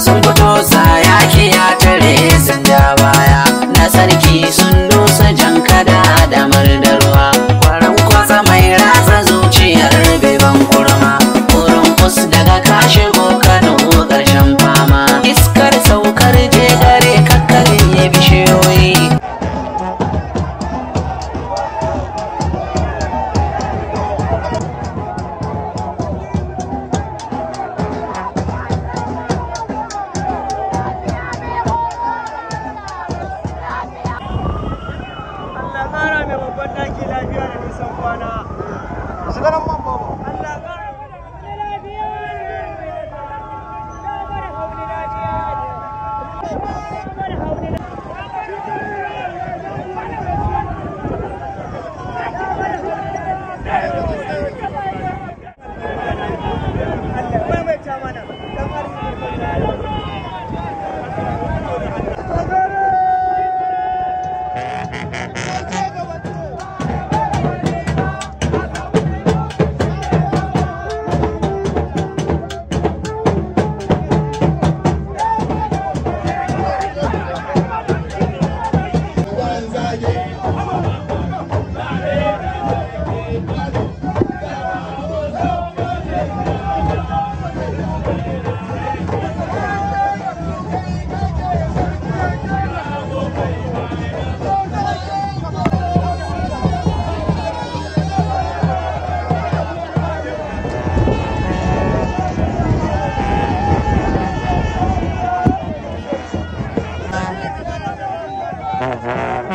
some go Allah ƙara mai babban ɗaki lafiya da nisan kwana. man Uh-huh.